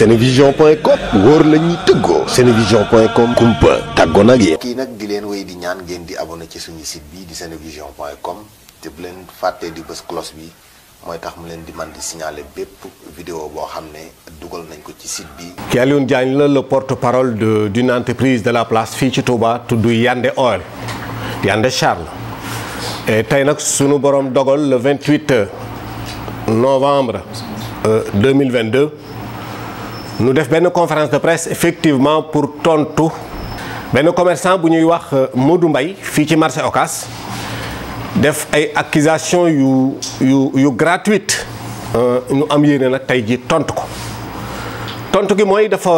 senevision.com wor la teggo tëggoo senevision.com kumpa tàggoo nag yéen kii nag di len way di ñaan ngeen di abonné ci suñu site bi di senevision.com te bu leen fàttee di bëss cloche bi moy tax mu len di man di signaler bép vidéo bo xamné ne dugal nañ ko ci site bi ki Alioune Diagne la le porte-parole de d'une entreprise de la place fi ci Touba tudd Yande Oil yandé Charles et tay nak suñu borom dogal le 28 euh, novembre 2022 euh, nous def une conférence de presse effectivement pour Ben, benn commerçant qui ñuy wax euh, Modou Mbaye fii ci marché Ocass def ay accusation yu gratuites yu gratuite Nous am yéene nag tey ji tontu ko tontu gi mooy dafa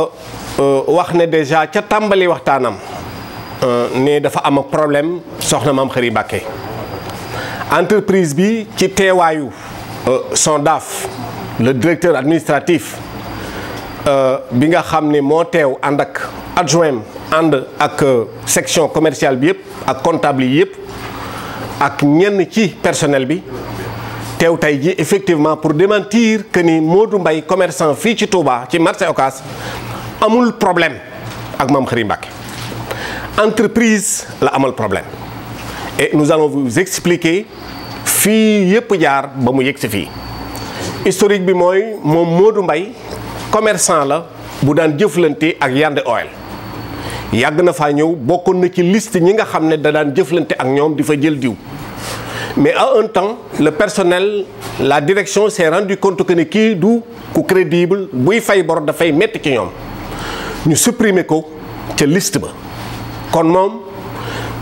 euh, wax ne déjà ca tàmbali waxtaanam euh, ne dafa am problème soxna maam Xëri L'entreprise entreprise bi été teewaayu son DAF le directeur administratif euh, bi nga xamné mo moo teew ak adjoint and ak euh, section commerciale bi yëpp ak comptable yi ak ñenn ci personnel bi teew tay ji effectivement pour démentir que ni Modou Mbaye commerçant fi ci Touba ci marché Ocass amul problème ak mam Khary Mbacké entreprise la amal problème et nous allons vous expliquer fi yëpp jaar ba mu yex fi historique bi moy mom Modou Mbaye commerçant la bu daan jëflante ak Yandé Oil yàgg na faa ñëw bokkoon na ci liste ñi nga xam da daan jëflante ak ñom difa jël diw mais à un temps le personnel la direction s'est rendu compte que ne qui du ku crédible buy fay bor fay metti ci ñom ñu supprimer ko ci liste ba kon mom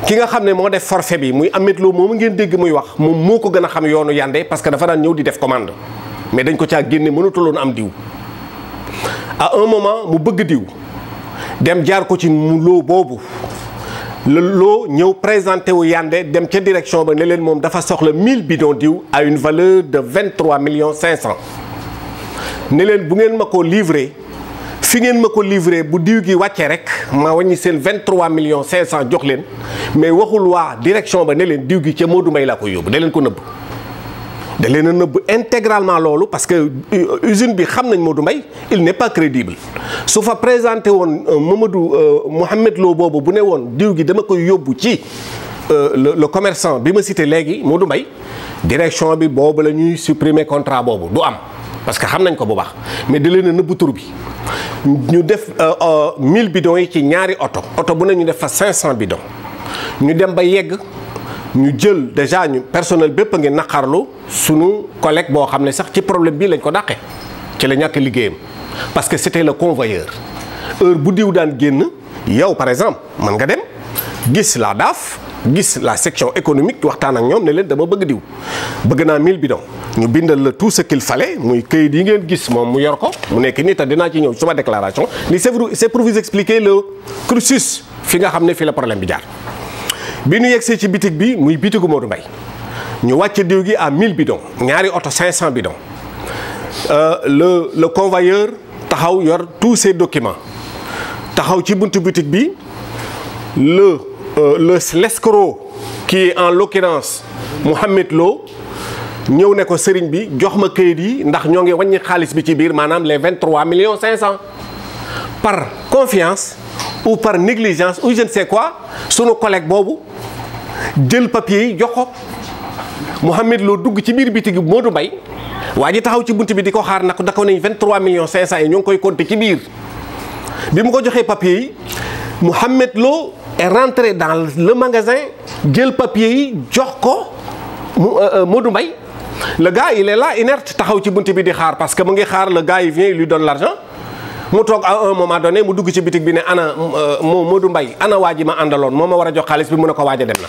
ki nga xam ne def forfait bi muy Ameth Lo moom ngeen dégg muy wax moom moo ko a xam yoonu Yandé parce que dafa daan ñëw di def commande mais dañ ko caa génne mënatuloon am diw à un moment mu bëgg diw dem jaar ko ci mu Le Le lo ñeu présenter présenté wu dem direction ba le dafa soxla 1000 bidons à une valeur de 23 millions 500 que je bu ngeen mako livrer livré fi bu gi ma 23 millions 500 jox mais waxul direction ba gi Modou da leen intégralement lolu parce que euh, usine bi xam nañ Modou Mbaye il n'est pas crédible su fa présenté won euh, Mamadou euh, Mohamed Lo boobu bu ne woon diw gi dama koy yóbbu ci le commerçant bima cité légui Modou Mbaye direction bi boobu la ñuy supprimer contrat boobu du am parce que xam nañ ko bu baax mais de leen a nëbb tur bi ñu def 1000 bidons ci ñaari auto auto bu ne ñu def fa 500 bidons ñu dem ba yegg ñu jël déjà ñu personnel bépp a ngi sunu collègue bo xamné sax ci problème bi lañ ko dàqe ci la ñak liggéeyam parce que c'était le convoyeur heure bu diou daan génn yow par exemple man nga dem gis la DAF, gis la section économique waxtaan ak ñom ne leen dama bëgg diou bëgg naa 1000 bidon, ñu bindal le tout ce qu'il fallait muy keuy yi ngeen gis mom mu yor ko mu nekk ni ta dina ci ñew suma déclaration ni c'est pour vous expliquer le crucis, fi nga xamné fi la problème bi jaar bi ñu yegsee ci bitig bi muy bitigu Modou Mbaye ñu waccé diw gi à 1000 bidons ñaari auto 500 bidons euh, le le convoyeur taxaw yor tous ces documents taxaw ci buntu bitig bi le euh, le l'escroc qui est en l'occurrence Mohamed Lo ñew ne ko serigne bi jox ma këyit yi ndax ñoo ngi wàññi bi ci bir manam les 23 millions 500 par confiance ou par négligence ou je ne sais quoi sunu collègue bobu jël papier yi jox ko Mouhamed loo dugg ci biir bitig bi du mbay waa ji taxaw ci bunt bi di ko xaar nag dako nañ 23 millions 500 yi ñoo ngi koy compter ci biir bi mu ko joxee papier yi Mouhamed Lo est rentre dans le magasin jël papier yi jox ko euh, euh, Modou Mbaye le gars il est là inerte taxaw ci bunt bi di xaar parce que mu ngi xaar la gars il vient il lui donne l'argent mu toog à un moment donné mu dugg ci bitig bi ne ana euh, Modou Mbaye ana waa ji ma àndaloon moo ma war a jox xaalis bi mu ne ko waaj a dem na.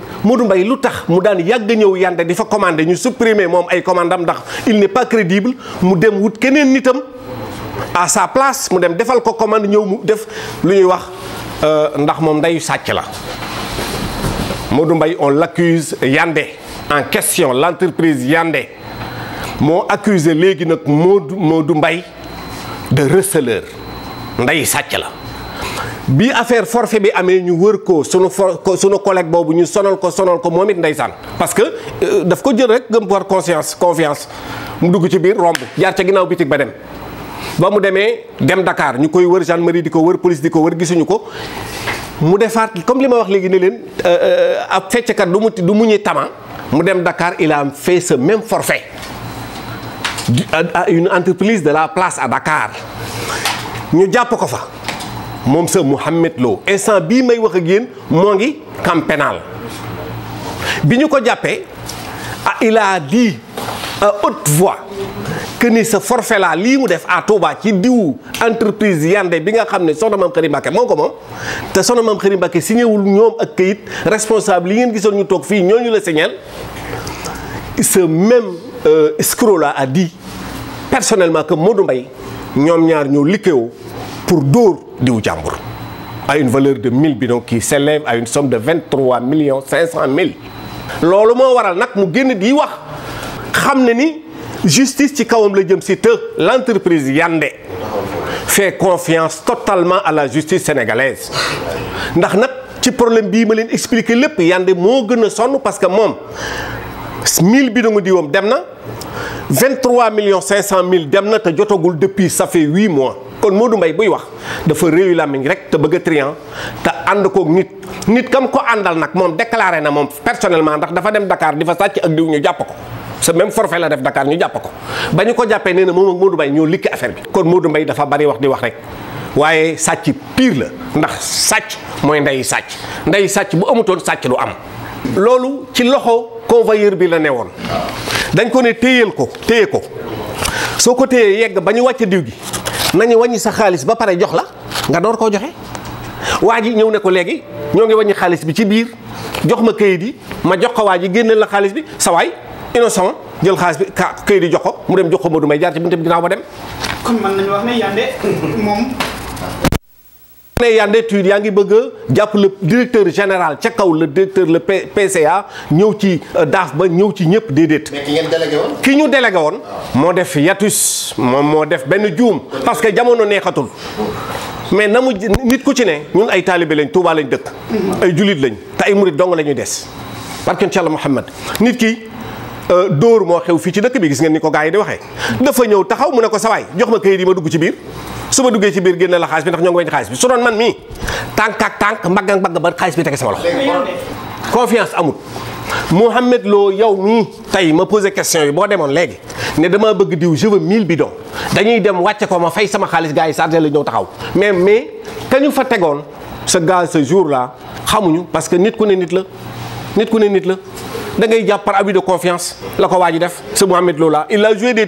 Modou Mbaye crédible. mu yande pas crédible. ñu supprimer mom ay il n'est pas crédible mu dem wut keneen nitam à sa place mu dem defal ko commande ñew mu def lu ñuy wax euh, ndax on l'accuse Yandé en question l'entreprise Yandé On accusé légui nak Modou de receleur la bi affaire forfait bi amee ñu wër ko sunu for sunu collègue boobu ñu sonal ko sonal ko moom it ndeysaan parce que euh, daf ko jël rek gëm war conscience confiance mu dugg ci biir romb jaar ca ginnaaw bitig ba dem. ba mu demee dem Dakar ñu koy wër gendarmerie di ko wër police di ko wër gisuñu ko mu defaat comme li ma wax léegi ne leen euh, euh, ab fecckat du mu du mu ñuy tama mu dem Dakar il a fait ce même forfait à une entreprise de la place à Dakar ñu jàpp ko fa. moom sa Mouhamed Lo instant bi may wax ak yéen mo ngi camp pénal Biñu ko jappé ah il a dit à haute voix que ni ce forfait là li mu def à Touba ci diou entreprise Yandé bi nga xamné ne soxna maam Xarim Mbacké moo ko moom te soxna maam Xarim Mbacké signéwul ñoom ak kayit responsable yi ngeen gisoon ñu toog fii ñooñu la signal ce même euh, escroc là a dit personnellement que Modou Mbaye ñom ñaar ñoo liggéeyoo pour d'or à une valeur de 1000 bidons qui s'élève à une somme de 23 500 000. ce qui waral nak di justice l'entreprise Yandé fait confiance totalement à la justice sénégalaise ndax que ci problème bii ma expliquer que Yandé parce que moi 1000 bidons 23 500 000 depuis ça fait 8 mois. kon Modou mbay buy wax dafa réewi làmmiñ rek te bëgg a triant te ànd kook nit nit kam ko àndal nag moom déclaré na moom personnellement ndax dafa dem dakaar di fa sàcc ak diw ñu jàpp ko sa même la def Dakar ñu jàpp ko ba ko jàppee nee na moom ak Modou Mbaye ñoo likki affaire bi kon Modou Mbaye dafa bari wax di wax waaye sàcc pire la ndax sàcc mooy ndey sàcc ndey sàcc bu amutoon sàcc du am loolu ci loxo convoyeur bi la ne woon dañ ko ne téyeel ko téye ko soo ko téyee yegg ba ñu wàccee diw gi nañu wàññi sa xaalis ba pare jox la nga door koo joxe waa ji ñëw ne ko léegi ñoo ngi wàññi xaalis bi ci biir jox ma kayit yi ma jox ko waa ji génneel la xaalis bi sa waay innocent jël xaalis bi ka kayit yi jox ko mu dem jox ko Modou Mbaye jaar ci buntu bi ginnaaw ba dem. kon mën nañu wax ne Yandé moom. ne Yandé Tune yaa ngi bëgg a jàpp le directeur général ca kaw le directeur le PCA ñëw ci euh, daaf ba ñëw ci ñëpp déedéet. mais ki ñu délégué woon. moo def yatus moom moo def benn juum. parce que jamono neexatul. mais na mu nit ku ci ne. ñun ay taalibe lañ Touba lañ dëkk. ay julit lañ te ay murit dong la ñuy des. barke ci Yàlla Muhammad nit ki. Euh, dóor moo xew fii ci dëkk bi gis ngeen ni ko gaa yi di waxee dafa ñëw taxaw mu ne ko sawaay jox ma kayit yi ma dugg ci biir su ma duggee ci biir génn la xaalis bi ndax ñoo ngi weñ xaalis bi su doon man mii tànk tànk tànk mbagg mbagg ba xaalis bi tege sama loxo confiance amul Mouhamed loo yow mii tey ma posé question yi boo demoon léegi ne damaa bëgg diw je bi 1000 dañuy dem wàcce ko ma fay sama xaalis gars yi chargé la ñëw taxaw mais mais ka ñu fa tegoon sa gaz ce jour là xamuñu parce que nit ku ne nit la nit ku ne nit la da ngay jàpp par de confiance la ko waa ji def. c'est Mouhamed Lo là il a joué des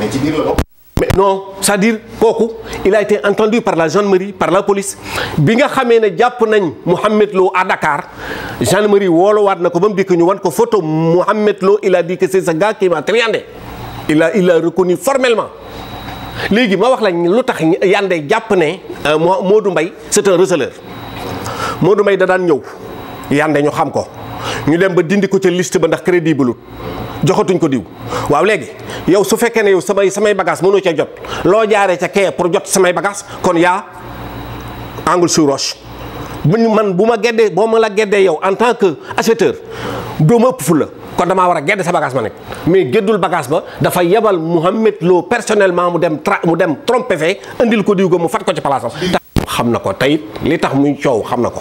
mais tu la mais non c'est-à-dire kooku il a été entendu par la gendarmerie par la police bi nga xamee ne jàpp nañ Lo à Dakar gendarmerie woolowaat na pas dit que nous ñu wan ko photo Mohamed Lo il a dit que c'est ce gars qui m'a triandé il a il a reconnu formellement. léegi ma wax la lu tax yande Japonais, ne euh, Modou Mbaye c'est un receleur Modou Mbaye da daan ñëw yande ñu xam ko. ñu dem ba dindi ko ca liste ba ndax crédible joxatuñ ko diw waaw léegi yow su fekkee ne yow samay samay bagage mënoo ca jot loo jaaree ca kee pour jot samay bagage kon yaa angle sur roche buñ man bu ma geddee boo ma la geddee yow en tant que acheteur doo ma ëpp fu la kon damaa war a gedd sa bagage ma nekk mais geddul bagage ba dafa yebal Mouhamed Lo personnellement mu dem tra mu dem trompé fee indil ko diw ko mu fat ko ci palaasam. xam na ko tey li tax muy coow xam na ko.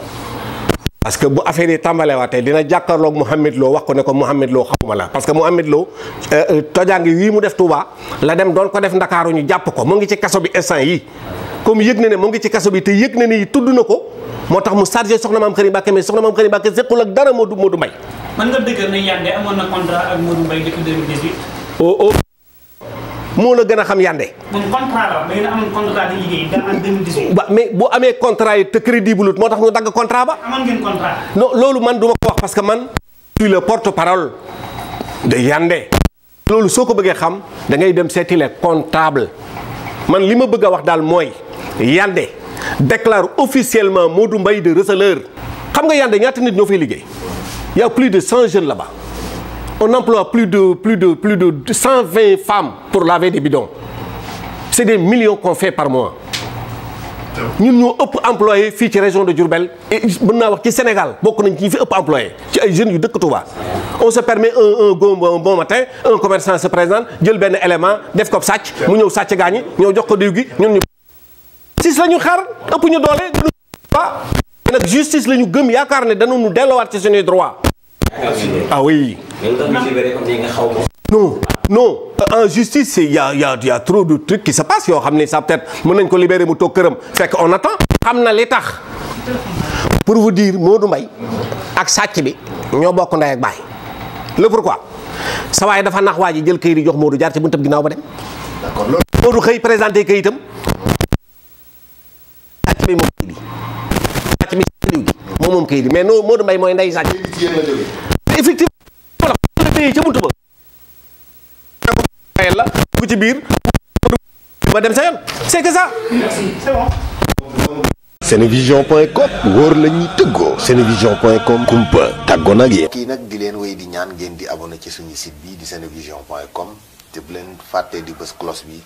parce que bu affaire yi tàmbalewaatee dina jàkkaarloog Mouhamed Lo wax ko ne ko Mouhamed Lo xawma la parce que Mouhamed Lo euh, euh, tojaangi wii mu def Touba la dem doon ko def Ndakaaru ñu jàpp ko mu ngi ci kaso bi instant yi comme yëg na ne mu ngi ci kaso bi te yëg na nii tudd na ko moo tax mu chargé soxna maam Xëri Mbàkke mais soxna maam Xëri Mbàkke sequl ak dara Modou Modou Mbaye. mën nga dëggal ne Yandé amoon na contrat ak Modou Mbaye depuis 2018. moo la gën a xam yande. moom contrat contrat di liggéey bu amee contrat yi te crédible moo tax ñu dagg contrat ba. loolu man du ko wax parce que man. je suis le porte-parole de yande. loolu soo ko bëggee xam da ngay dem seeti les comptables man li ma bëgg a wax daal mooy yande déclare officiellement Modou mbay de receleur xam nga yande ñaata nit ñoo fay liggéey y a plus de cent jeunes la ba on emploie plus de, plus, de, plus de 120 femmes pour laver des bidons. C'est des millions qu'on fait par mois. Nous sommes employés employé la région de Diourbel et nous wax ci Sénégal Nous nañ ci ñu fi ëpp employé ci ay jeunes yu dëkk Touba. on se permet un un bon matin un commerçant se présente jël un élément def ko sàcc mu ñëw il y ñëw jox ko diw gi ñun ñu. nous la ñu xaar ëpp ñu pas. La justice la ñu gëm yaakaar ne danañu nous ci suñuy droit. ah oui. non non en justice il y a y a y a trop de trucs qui passe yoo xam ne ça peut être mën nañ ko libérer mu toog këram fekk on attend xam na li tax pour vous dire du mbay ak sàcc bi ñoo bokk ndey ak baay le pourquoi sa waay dafa nax waa yi jël këyit yi jox Modou jaar ci buntam ginnaaw ba dem d'accord loolu Modou xëy présenté këyitam sàcc bi moom këyit yi sàcc bi moom mooy ndey sàcc effectivement téye ca buntu la bu ci biir ba dem sa yoon c'est que ça merci c'est bon senevision.com wóor la ñuy tëggoo kumpa tàggoo nag yéen kii nag di leen wéy di ñaan ngeen di abonné ci suñu site bi di senevision.com te bu leen fàttee di bës cloche bi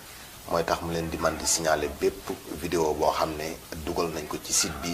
mooy tax mu leen di man di signaler bépp vidéo boo xam ne dugal nañ ko ci site bi